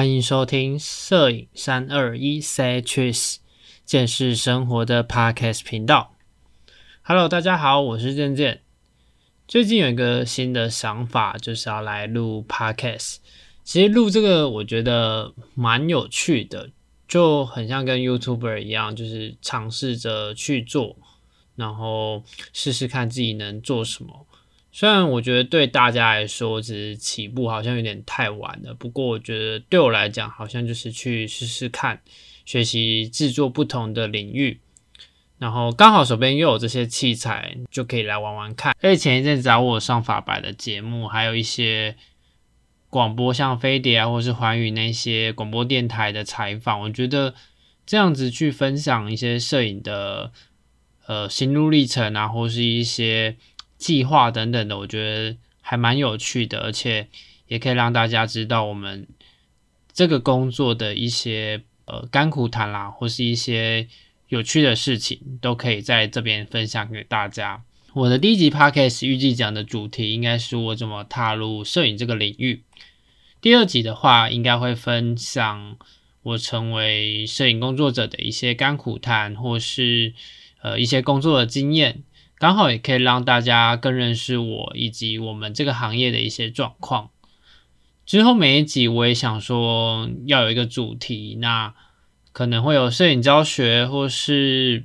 歡迎收聽攝影三二一 Say Cheese，見識生活的 podcast 頻道。Hello，大家好，我是健健。最近有一個新的想法，就是要來錄 podcast。其實錄這個我覺得蠻有趣的，就很像跟 YouTuber 一樣，就是嘗試着去做，然後試試看自己能做什麼。雖然我覺得對大家來說，只是起步好像有點太晚了。不過我覺得對我來講，好像就是去試試看，學習製作不同的領域，然後剛好手邊又有這些器材，就可以來玩玩看。而且前一陣子找我上法白的節目，還有一些廣播，像飛碟啊，或是環宇那些廣播電台的採訪，我覺得這樣子去分享一些攝影的呃心路歷程啊，或是一些。計劃等等的，我覺得還蠻有趣的，而且也可以讓大家知道我們這個工作的一些呃甘苦談啦，或是一些有趣的事情，都可以在這邊分享給大家。我的第一集 Podcast 預計講的主題應該是我怎麼踏入攝影這個領域。第二集的話，應該會分享我成為攝影工作者的一些甘苦談，或是呃一些工作的經驗。剛好也可以讓大家更認識我以及我們這個行業的一些狀況。之後每一集我也想說要有一個主題，那可能會有攝影教學，或是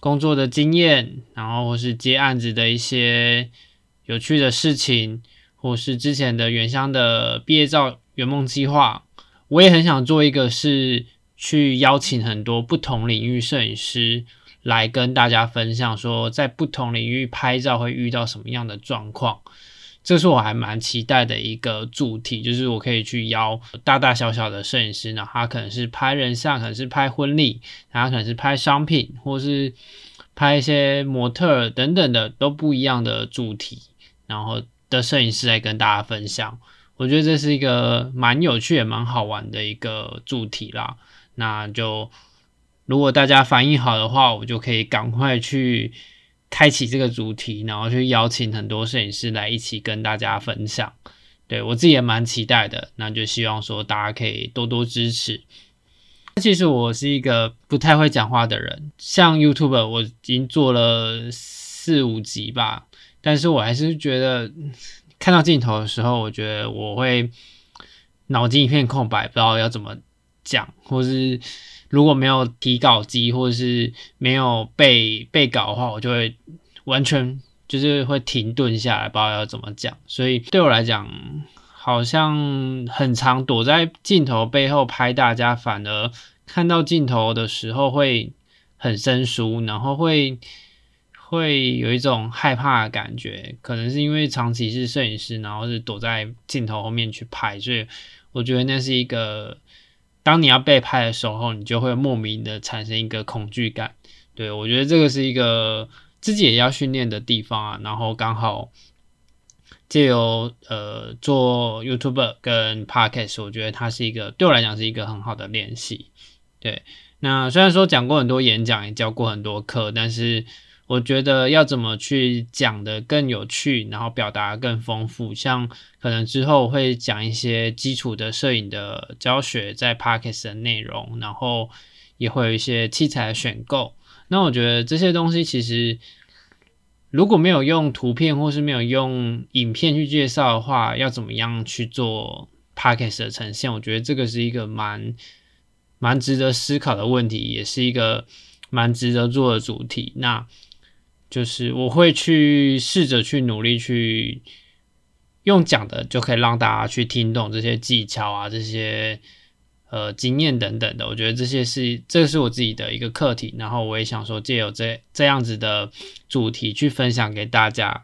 工作的經驗，然後或是接案子的一些有趣的事情，或是之前的原鄉的畢業照圓夢計劃。我也很想做一個是去邀請很多不同領域攝影師，來跟大家分享，說在不同領域拍照會遇到什麼樣的狀況，這是我還蠻期待的一個主題，就是我可以去邀大大小小的攝影師呢，他可能是拍人像，可能是拍婚禮，然後可能是拍商品，或是拍一些模特等等的都不一樣的主題，然後的攝影師來跟大家分享，我覺得這是一個蠻有趣也蠻好玩的一個主題啦，那就。如果大家反應好的話，我就可以趕快去開啟這個主題，然後去邀請很多攝影師來一起跟大家分享。對，我自己也蠻期待的，那就希望說大家可以多多支持。其實我是一個不太會講話的人，像 YouTuber 我已經做了四五集吧，但是我還是覺得看到鏡頭的時候，我覺得我會腦筋一片空白，不知道要怎麼講，或是。如果沒有提稿機，或者是沒有背背稿的話，我就會完全就是會停頓下來，不知道要怎麼講。所以對我來講，好像很常躲在鏡頭背後拍大家，反而看到鏡頭的時候會很生疏，然後會會有一種害怕的感覺。可能是因為長期是攝影師，然後是躲在鏡頭後面去拍，所以我覺得那是一個。當你要被拍的時候，你就會莫名的產生一個恐懼感。對，我覺得這個是一個自己也要訓練的地方啊。然後剛好借由呃做 YouTuber 跟 Podcast，我覺得它是一個對我來講是一個很好的練習。對，那雖然說講過很多演講，也教過很多課，但是。我覺得要怎麼去講得更有趣，然後表達更豐富，像可能之後會講一些基礎的攝影的教學在 Podcast 的內容，然後也會有一些器材的選購。那我覺得這些東西其實如果沒有用圖片或是沒有用影片去介紹的話，要怎麼樣去做 Podcast 的呈現？我覺得這個是一個蠻蠻值得思考的問題，也是一個蠻值得做的主題。那就是我會去試着去努力去用講的，就可以讓大家去聽懂這些技巧啊，這些呃經驗等等的。我覺得這些是這是我自己的一個課題，然後我也想說借由這這樣子的主題去分享給大家。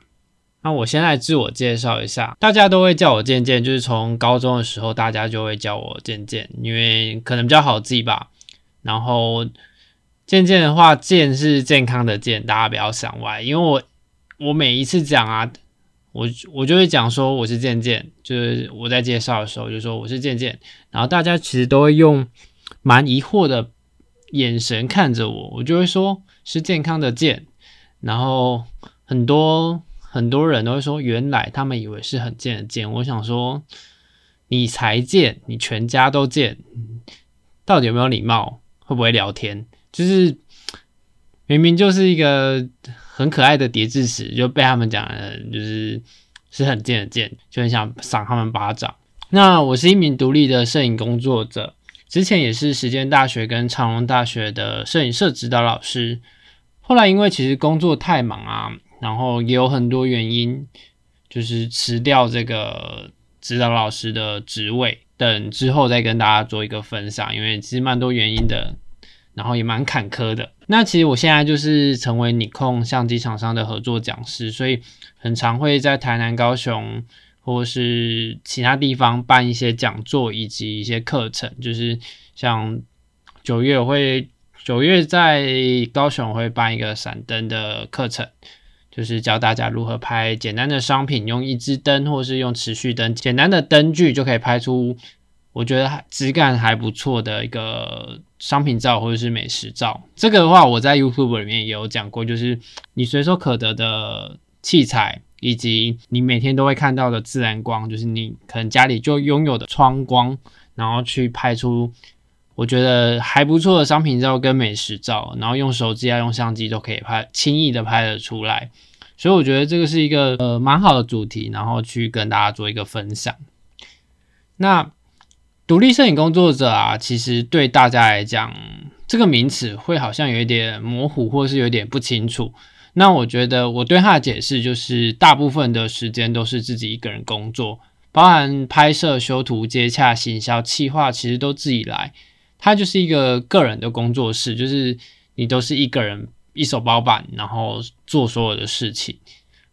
那我先來自我介紹一下，大家都會叫我健健，就是從高中的時候大家就會叫我健健，因為可能比較好記吧。然後。健健的話，健是健康的健，大家不要想歪。因為我我每一次講啊，我我就會講說我是健健，就是我在介紹的時候就說我是健健，然後大家其實都會用蠻疑惑的眼神看着我，我就會說是健康的健，然後很多很多人都會說原來他們以為是很健的健，我想說你才健，你全家都健，嗯，到底有沒有禮貌？會不會聊天？就是明明就是一個很可愛的疊字詞，就被他們講的就是是很賤很賤，就很想賞他們巴掌。那我是一名獨立的攝影工作者，之前也是時間大學跟長榮大學的攝影社指導老師，後來因為其實工作太忙啊，然後也有很多原因，就是辭掉這個指導老師的職位。等之後再跟大家做一個分享，因為其實蠻多原因的。然後也蠻坎坷的。那其實我現在就是成為尼康相機廠商的合作講師，所以很常會在台南、高雄或是其他地方辦一些講座以及一些課程。就是像九月我會，九月在高雄會辦一個閃燈的課程，就是教大家如何拍簡單的商品，用一支燈或是用持續燈，簡單的燈具就可以拍出。我覺得還質感還不錯的，一個商品照或者是美食照，這個的話我在 YouTube 裡面也有講過，就是你隨手可得的器材，以及你每天都會看到的自然光，就是你可能家裡就擁有的窗光，然後去拍出我覺得還不錯的商品照跟美食照，然後用手機啊用相機都可以拍，輕易的拍得出來。所以我覺得這個是一個呃蠻好的主題，然後去跟大家做一個分享。那。獨立攝影工作者啊，其實對大家來講，這個名詞會好像有一點模糊，或是有點不清楚。那我覺得我對他的解釋就是，大部分的時間都是自己一個人工作，包含拍攝、修圖、接洽、行銷、企劃，其實都自己來。他就是一個個人的工作室，就是你都是一個人一手包辦，然後做所有的事情，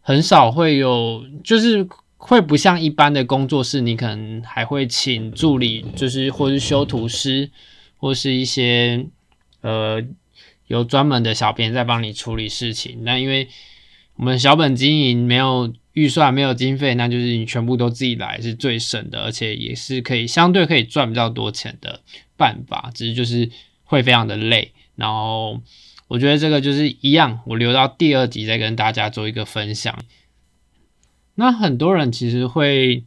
很少會有，就是。會不像一般的工作室，你可能還會請助理，就是或是修圖師，或是一些呃有專門的小編在幫你處理事情。那因為我們小本經營，沒有預算，沒有經費，那就是你全部都自己來是最省的，而且也是可以相對可以賺比較多錢的辦法。只是就是會非常的累。然後我覺得這個就是一樣，我留到第二集再跟大家做一個分享。那很多人其實會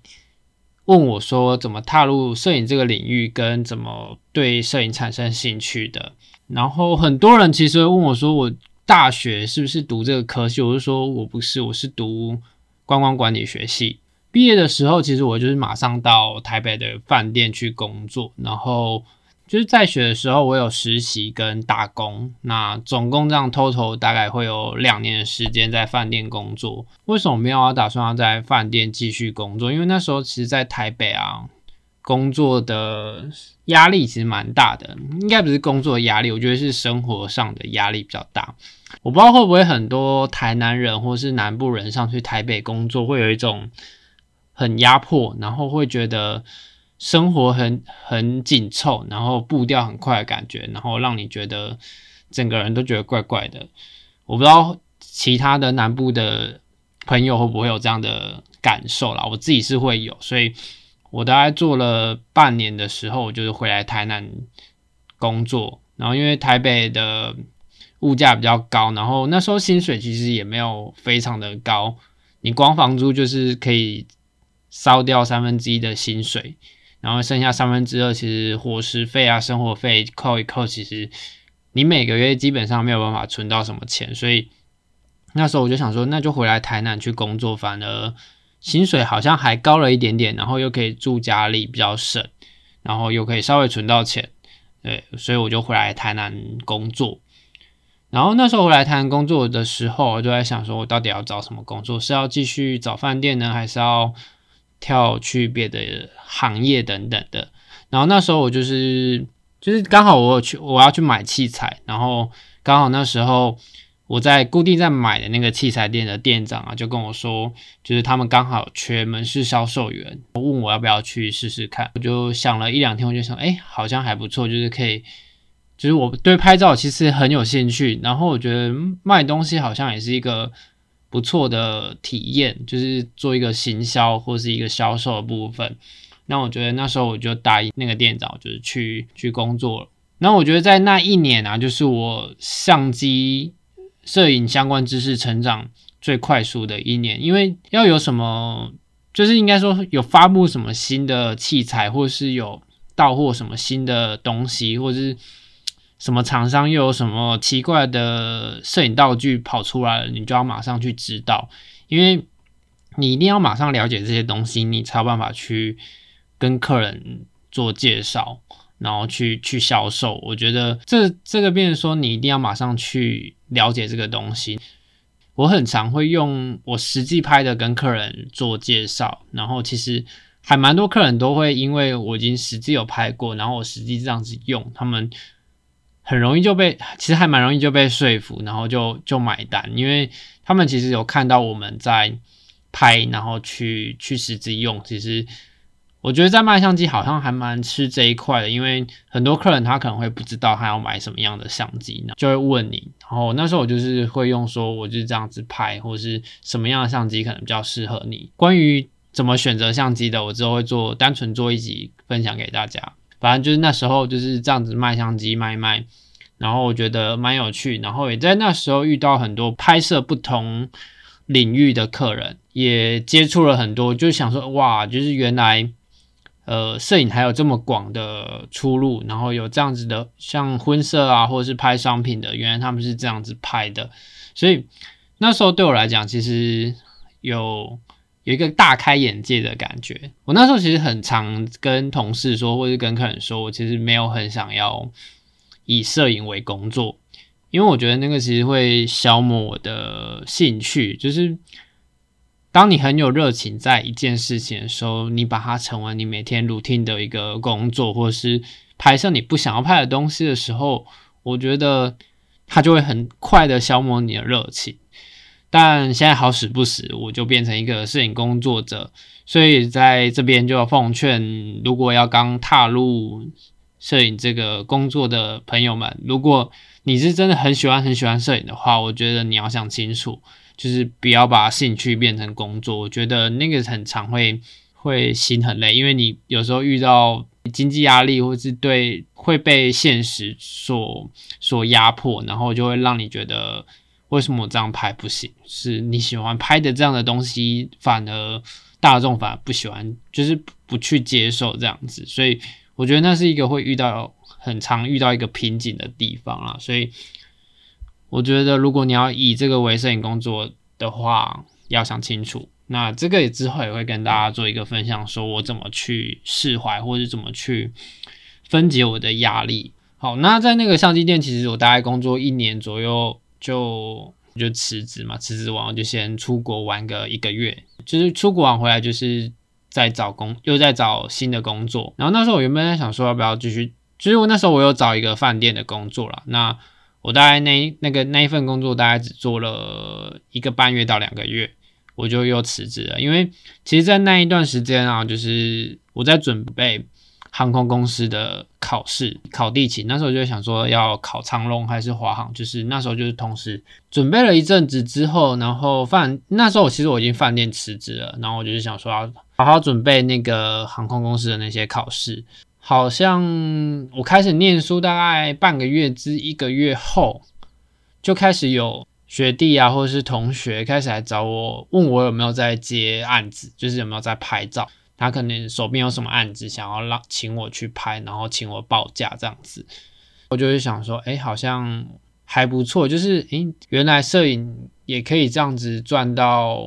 問我說，怎麼踏入攝影這個領域，跟怎麼對攝影產生興趣的？然後很多人其實會問我說，我大學是不是讀這個科系？我就說我不是，我是讀觀光管理學系。畢業的時候，其實我就是馬上到台北的飯店去工作，然後。就是在學的時候，我有實習跟打工，那總共這樣 total 大概會有兩年的時間在飯店工作。為什麼沒有打算要在飯店繼續工作？因為那時候其實在台北啊，工作的壓力其實蠻大的，應該不是工作壓力，我覺得是生活上的壓力比較大。我不知道會不會很多台南人或是南部人上去台北工作，會有一種很壓迫，然後會覺得。生活很很緊湊，然後步調很快的感覺，然後讓你覺得整個人都覺得怪怪的。我不知道其他的南部的朋友會不會有這樣的感受啦，我自己是會有，所以我大概做了半年的時候，我就是回來台南工作，然後因為台北的物價比較高，然後那時候薪水其實也沒有非常的高，你光房租就是可以燒掉三分之一的薪水。然後剩下三分之二，其實伙食費啊、生活費扣一扣，其實你每個月基本上沒有辦法存到什麼錢。所以那時候我就想說，那就回來台南去工作，反而薪水好像還高了一點點，然後又可以住家裡比較省，然後又可以稍微存到錢。對，所以我就回來台南工作。然後那時候回來台南工作的時候，我就在想說，我到底要找什麼工作？是要繼續找飯店呢，還是要？跳去別的行業等等的，然後那時候我就是就是剛好我去我要去買器材，然後剛好那時候我在固定在買的那個器材店的店長啊就跟我說，就是他們剛好缺門市銷售員，問我要不要去試試看，我就想了一兩天，我就想，哎、欸，好像還不錯，就是可以，就是我對拍照其實很有興趣，然後我覺得賣東西好像也是一個。不錯的體驗，就是做一個行銷或是一個銷售的部分。那我覺得那時候我就答應那個店長，就是去去工作了。那我覺得在那一年啊，就是我相機攝影相關知識成長最快速的一年，因為要有什麼，就是應該說有發布什麼新的器材，或是有到貨什麼新的東西，或者是。什麼廠商又有什麼奇怪的攝影道具跑出來了？你就要馬上去知道，因為你一定要馬上了解這些東西，你才有辦法去跟客人做介紹，然後去去銷售。我覺得這這個變成說，你一定要馬上去了解這個東西。我很常會用我實際拍的跟客人做介紹，然後其實還蠻多客人都會因為我已經實際有拍過，然後我實際這樣子用他們。很容易就被，其實還蠻容易就被說服，然後就就買單，因為他們其實有看到我們在拍，然後去去實際用。其實我覺得在賣相機好像還蠻吃這一塊的，因為很多客人他可能會不知道他要買什麼樣的相機呢，就會問你。然後那時候我就是會用說，我就是這樣子拍，或者是什麼樣的相機可能比較適合你。關於怎麼選擇相機的，我之後會做單純做一集分享給大家。反正就是那時候就是這樣子賣相機賣一賣，然後我覺得蠻有趣，然後也在那時候遇到很多拍攝不同領域的客人，也接觸了很多，就想說哇，就是原來呃攝影還有這麼廣的出路，然後有這樣子的像婚攝啊，或者是拍商品的，原來他們是這樣子拍的，所以那時候對我來講其實有。有一個大開眼界的感覺。我那時候其實很常跟同事說，或者是跟客人說，我其實沒有很想要以攝影為工作，因為我覺得那個其實會消磨我的興趣。就是當你很有熱情在一件事情的時候，你把它成為你每天 routine 的一個工作，或者是拍攝你不想要拍的東西的時候，我覺得它就會很快的消磨你的熱情。但現在好死不死，我就變成一個攝影工作者，所以在這邊就奉勸，如果要剛踏入攝影這個工作的朋友們，如果你是真的很喜歡很喜歡攝影的話，我覺得你要想清楚，就是不要把興趣變成工作。我覺得那個很常會會心很累，因為你有時候遇到經濟壓力，或是對會被現實所所壓迫，然後就會讓你覺得。為什麼我這樣拍不行？是你喜歡拍的這樣的東西，反而大眾反而不喜歡，就是不去接受這樣子。所以我覺得那是一個會遇到很常遇到一個瓶頸的地方啊。所以我覺得如果你要以這個為攝影工作的話，要想清楚。那這個也之後也會跟大家做一個分享，說我怎麼去釋懷，或者是怎麼去分解我的壓力。好，那在那個相機店，其實我大概工作一年左右。就就辭職嘛，辭職完我就先出國玩個一個月，就是出國玩回來，就是再找工，又再找新的工作。然後那時候我原本在想說，要不要繼續？其實我那時候我有找一個飯店的工作了，那我大概那那個那一份工作大概只做了一個半月到兩個月，我就又辭職了，因為其實，在那一段時間啊，就是我在準備。航空公司的考試，考地勤。那時候我就想說，要考長榮還是華航？就是那時候就是同時準備了一陣子之後，然後飯那時候我其實我已經飯店辭職了，然後我就是想說，要好好準備那個航空公司的那些考試。好像我開始念書大概半個月至一個月後，就開始有學弟啊或者是同學開始來找我，問我有沒有在接案子，就是有沒有在拍照。他可能手邊有什麼案子，想要讓請我去拍，然後請我報價這樣子，我就會想說，欸，好像還不錯，就是，欸，原來攝影也可以這樣子賺到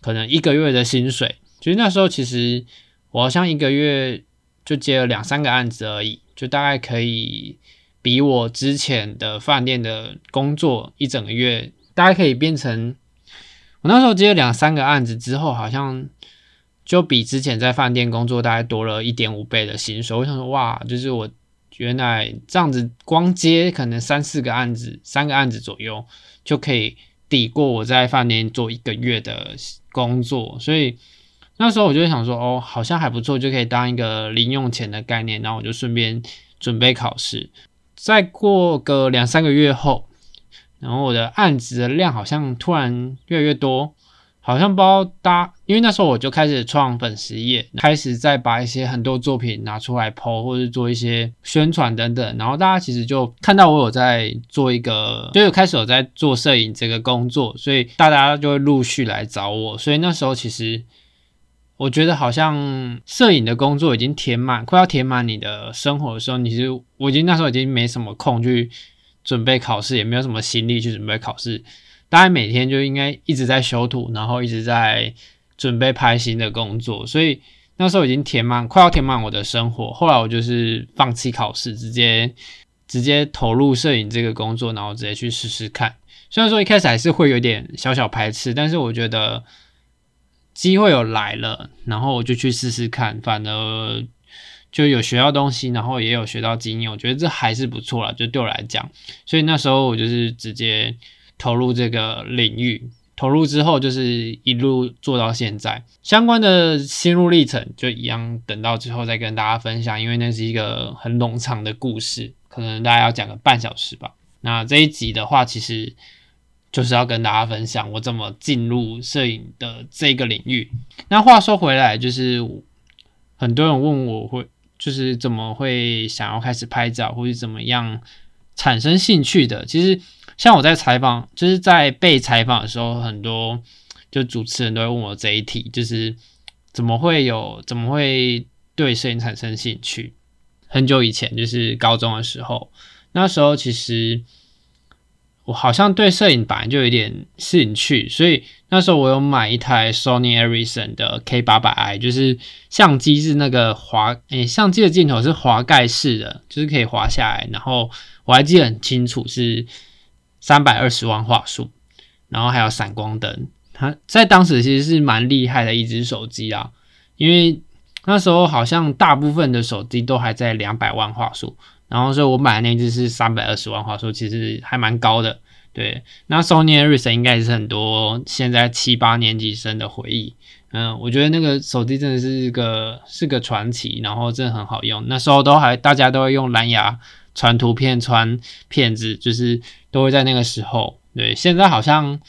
可能一個月的薪水。其實那時候其實我好像一個月就接了兩三個案子而已，就大概可以比我之前的飯店的工作一整個月，大概可以變成。我那時候接了兩三個案子之後，好像。就比之前在飯店工作大概多了一點五倍的薪水，我想說哇，就是我原來這樣子光接可能三四個案子，三個案子左右就可以抵過我在飯店做一個月的工作，所以那時候我就會想說哦，好像還不錯，就可以當一個零用錢的概念，然後我就順便準備考試。再過個兩三個月後，然後我的案子的量好像突然越來越多。好像包搭，因為那時候我就開始創粉絲頁，開始在把一些很多作品拿出來 po，或者做一些宣傳等等。然後大家其實就看到我有在做一個，就有開始有在做攝影這個工作，所以大家就會陸續來找我。所以那時候其實我覺得，好像攝影的工作已經填滿，快要填滿你的生活的時候，你其實我已經那時候已經沒什麼空去準備考試，也沒有什麼心力去準備考試。大概每天就應該一直在修圖，然後一直在準備拍新的工作，所以那時候已經填滿，快要填滿我的生活。後來我就是放棄考試，直接直接投入攝影這個工作，然後直接去試試看。雖然說一開始還是會有點小小排斥，但是我覺得機會有來了，然後我就去試試看，反而就有學到東西，然後也有學到經驗，我覺得這還是不錯啦，就對我來講。所以那時候我就是直接。投入這個領域，投入之後就是一路做到現在，相關的心路歷程就一樣，等到之後再跟大家分享，因為那是一個很冗長的故事，可能大家要講個半小時吧。那這一集的話，其實就是要跟大家分享我怎麼進入攝影的這個領域。那話說回來，就是很多人問我會，就是怎麼會想要開始拍照，或是怎麼樣產生興趣的，其實。像我在採訪，就是在被採訪的時候，很多就主持人都會問我這一題，就是怎麼會有，怎麼會對攝影產生興趣？很久以前，就是高中的時候，那時候其實我好像對攝影本來就有點興趣，所以那時候我有買一台 Sony Ericsson 的 K800i，就是相機是那個滑，誒、欸，相機的鏡頭是滑蓋式的，就是可以滑下來，然後我還記得很清楚是。三百二十萬畫素，然後還有閃光燈，它在當時其實是蠻厲害的一隻手機啊，因為那時候好像大部分的手機都還在兩百萬畫素，然後所以我買的那隻是三百二十萬畫素，其實還蠻高的。對，那 Sony Ericsson 應該也是很多現在七八年級生的回憶。嗯，我覺得那個手機真的是一個是個傳奇，然後真的很好用，那時候都還大家都會用藍牙傳圖片、傳片子，就是。都會在那個時候，對，現在好像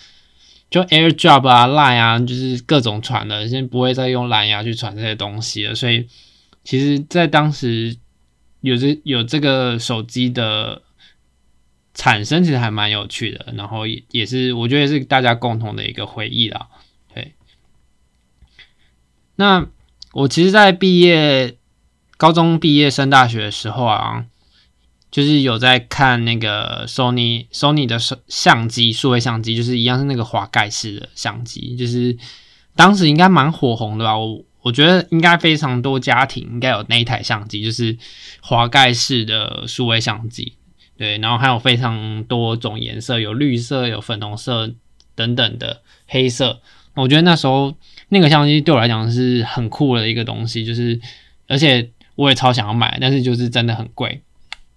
就 AirDrop 啊、Line 啊，就是各種傳的，現在不會再用藍牙去傳這些東西了。所以，其實，在當時有這有這個手機的產生，其實還蠻有趣的。然後也也是，我覺得也是大家共同的一個回憶啦。對，那我其實在畢，在畢業高中畢業升大學的時候啊。就是有在看那個 Sony Sony 的攝相機，數位相機就是一樣是那個滑蓋式的相機，就是當時應該蠻火紅的吧？我我覺得應該非常多家庭應該有那一台相機，就是滑蓋式的數位相機。對，然後還有非常多種顏色，有綠色、有粉紅色等等的黑色。我覺得那時候那個相機對我來講是很酷的一個東西，就是而且我也超想要買，但是就是真的很貴。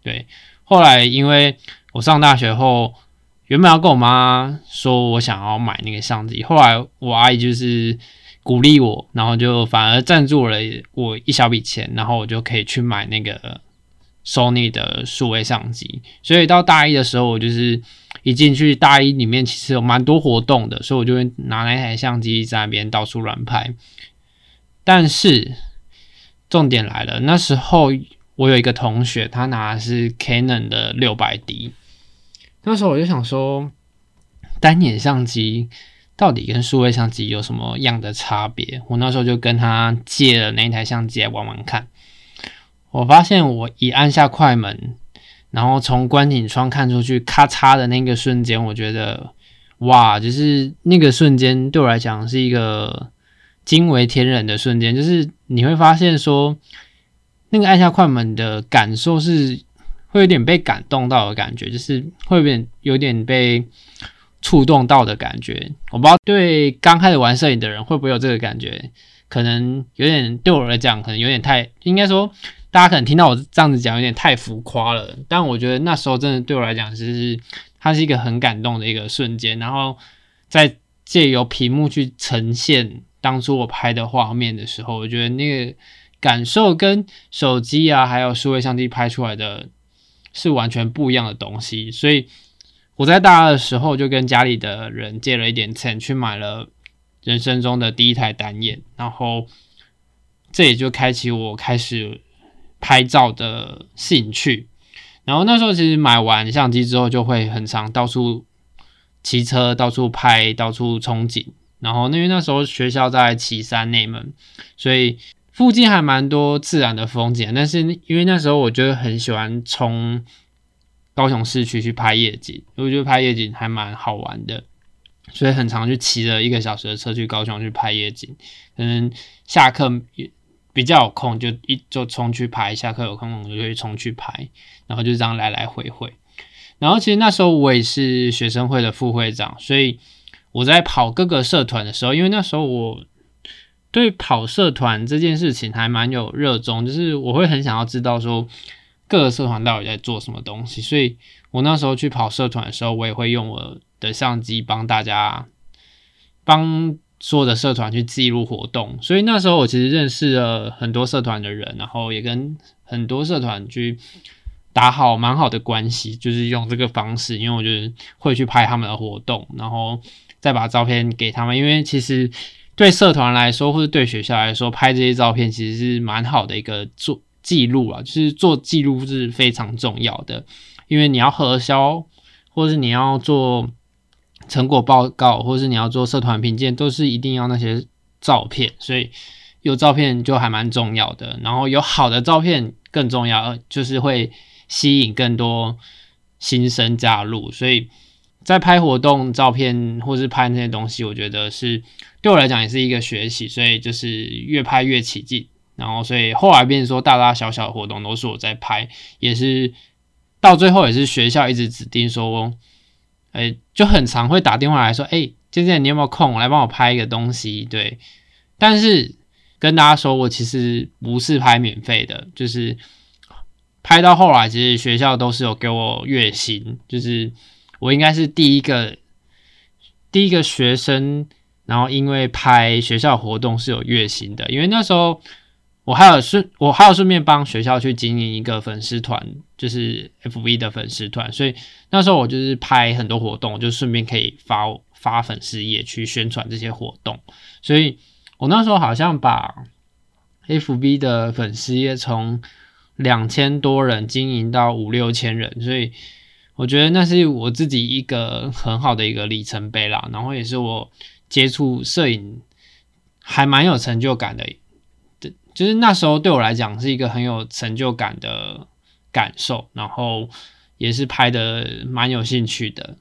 對，後來因為我上大學後，原本要跟我媽說我想要買那個相機，後來我阿姨就是鼓勵我，然後就反而贊助了我一小筆錢，然後我就可以去買那個 Sony 的數位相機。所以到大一的時候，我就是一進去大一裡面，其實有蠻多活動的，所以我就會拿那台相機在那邊到處亂拍。但是重點來了，那時候。我有一個同學，他拿的是 Canon 的 600D。那時候我就想說，單眼相機到底跟數位相機有什麼樣的差別？我那時候就跟他借了那一台相機來玩玩看。我發現我一按下快門，然後從觀景窗看出去，咔嚓的那個瞬間，我覺得哇，就是那個瞬間對我來講是一個驚為天人的瞬間。就是你會發現說。那個按下快門的感受是，會有點被感動到的感覺，就是會有點有點被觸動到的感覺。我不知道對剛開始玩攝影的人會不會有這個感覺，可能有點對我來講，可能有點太應該說，大家可能聽到我這樣子講，有點太浮誇了。但我覺得那時候真的對我來講，就是它是一個很感動的一個瞬間。然後在借由屏幕去呈現當初我拍的畫面的時候，我覺得那個感受跟手機啊，還有數位相機拍出來的是完全不一樣的東西，所以我在大二的時候就跟家裡的人借了一點錢，去買了人生中的第一台單眼，然後這也就開啟我開始拍照的興趣。然後那時候其實買完相機之後，就會很常到處騎車、到處拍、到處憧憬。然後因為那時候學校在旗山內門，所以附近還蠻多自然的風景，但是因為那時候我就很喜歡衝高雄市區去拍夜景，我覺得拍夜景還蠻好玩的，所以很常就騎着一個小時的車去高雄去拍夜景。可能下課比較有空就，就一就衝去拍；下課有空，我就會衝去拍。然後就這樣來來回回。然後其實那時候我也是學生會的副會長，所以我在跑各個社團的時候，因為那時候我。對跑社團這件事情還蠻有熱衷，就是我會很想要知道說，各個社團到底在做什麼東西，所以我那時候去跑社團的時候，我也會用我的相機幫大家幫所有的社團去記錄活動，所以那時候我其實認識了很多社團的人，然後也跟很多社團去打好蠻好的關係，就是用這個方式，因為我就是會去拍他們的活動，然後再把照片給他們，因為其實。對社團來說，或者對學校來說，拍這些照片其實是蠻好的一個做記錄啊，就是做記錄是非常重要的，因為你要核銷，或者是你要做成果報告，或者是你要做社團評鑑，都是一定要那些照片，所以有照片就還蠻重要的。然後有好的照片更重要，就是會吸引更多新生加入。所以在拍活動照片，或是拍那些東西，我覺得是。對我來講也是一個學習，所以就是越拍越起勁，然後所以後來變成說大大小小的活動都是我在拍，也是到最後也是學校一直指定說，誒、欸、就很常會打電話來說，哎、欸，漸漸你有沒有空我來幫我拍一個東西？對，但是跟大家說我其實不是拍免費的，就是拍到後來其實學校都是有給我月薪，就是我應該是第一個第一個學生。然後因為拍學校活動是有月薪的，因為那時候我還有順我還有順便幫學校去經營一個粉絲團，就是 FB 的粉絲團，所以那時候我就是拍很多活動，我就順便可以發發粉絲頁去宣傳這些活動，所以我那時候好像把 FB 的粉絲頁從兩千多人經營到五六千人，所以我覺得那是我自己一個很好的一個里程碑啦，然後也是我。接觸攝影還蠻有成就感的，對，就是那時候對我來講是一個很有成就感的感受，然後也是拍的蠻有興趣的，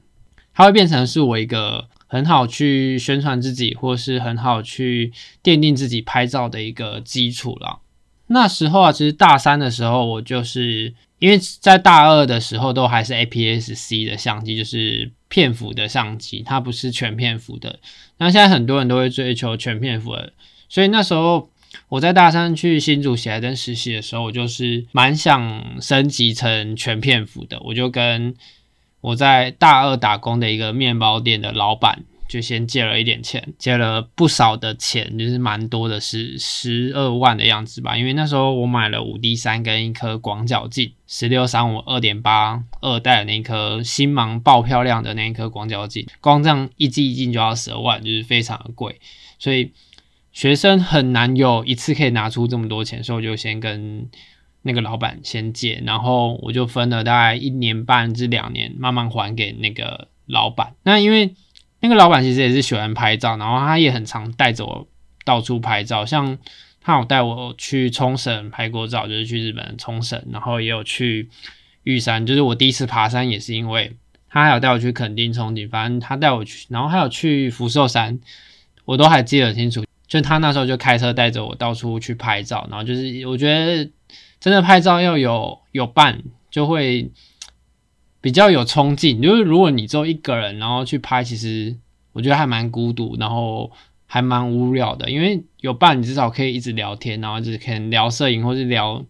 它會變成是我一個很好去宣傳自己，或是很好去奠定自己拍照的一個基礎了。那時候啊，其實大三的時候，我就是因為在大二的時候都還是 APS-C 的相機，就是。片幅的相機，它不是全片幅的。那現在很多人都會追求全片幅的，所以那時候我在大三去新竹喜來登實習的時候，我就是蠻想升級成全片幅的。我就跟我在大二打工的一個麵包店的老闆。就先借了一點錢，借了不少的錢，就是蠻多的是，是十二萬的樣子吧。因為那時候我買了五 D 三跟一顆廣角鏡，十六三五二點八二代的那一顆星芒爆漂亮的那一顆廣角鏡，光這樣一機一鏡就要十二萬，就是非常的貴，所以學生很難有一次可以拿出這麼多錢，所以我就先跟那個老闆先借，然後我就分了大概一年半至兩年，慢慢還給那個老闆。那因為那個老闆其實也是喜歡拍照，然後他也很常帶着我到處拍照，像他有帶我去沖繩拍過照，就是去日本沖繩，然後也有去玉山，就是我第一次爬山也是因為他還有帶我去墾丁、沖繩，反正他帶我去，然後還有去福壽山，我都還記得很清楚。就他那時候就開車帶着我到處去拍照，然後就是我覺得真的拍照要有有伴就會。比較有衝勁，就是如果你只有一個人，然後去拍，其實我覺得還蠻孤獨，然後還蠻無聊的。因為有伴，你至少可以一直聊天，然後就是可以聊攝影，或是聊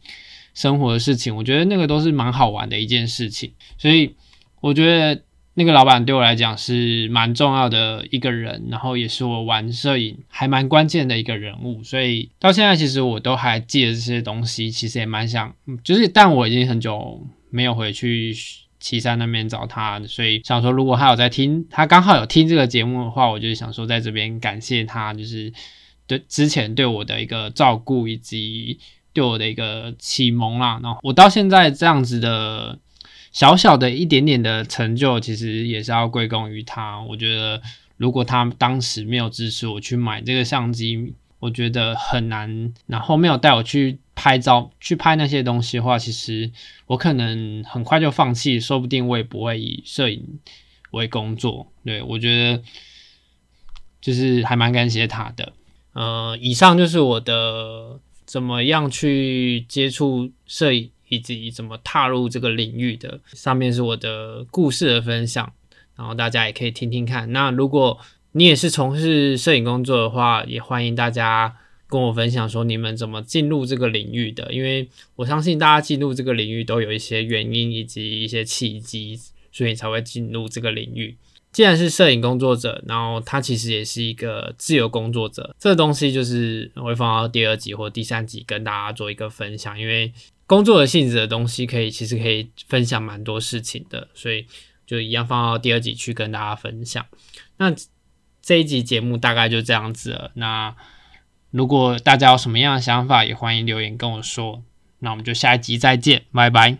生活的事情。我覺得那個都是蠻好玩的一件事情。所以我覺得那個老闆對我來講是蠻重要的一個人，然後也是我玩攝影還蠻關鍵的一個人物。所以到現在，其實我都還記得這些東西，其實也蠻想，就是但我已經很久沒有回去。旗山那邊找他，所以想說，如果他有在聽，他剛好有聽這個節目的話，我就想說，在這邊感謝他，就是對之前對我的一個照顧，以及對我的一個啟蒙啦。然後我到現在這樣子的小小的一點點的成就，其實也是要歸功於他。我覺得，如果他當時沒有支持我去買這個相機，我覺得很難。然後沒有帶我去。拍照，去拍那些東西的話，其實我可能很快就放棄，說不定我也不會以攝影為工作，對，我覺得就是還蠻感謝他的。呃，以上就是我的怎麼樣去接觸攝影以及怎麼踏入這個領域的。上面是我的故事的分享，然後大家也可以聽聽看。那如果你也是從事攝影工作的話，也歡迎大家。跟我分享說，你們怎麼進入這個領域的，因為我相信大家進入這個領域都有一些原因以及一些契機，所以才會進入這個領域。既然是攝影工作者，然後他其實也是一個自由工作者，這個東西就是我會放到第二集或第三集跟大家做一個分享，因為工作的性質的東西可以其實可以分享蠻多事情的，所以就一樣放到第二集去跟大家分享。那這一集節目大概就這樣子了，那，如果大家有什麼樣的想法，也歡迎留言跟我說。那我們就下一集再見，拜拜。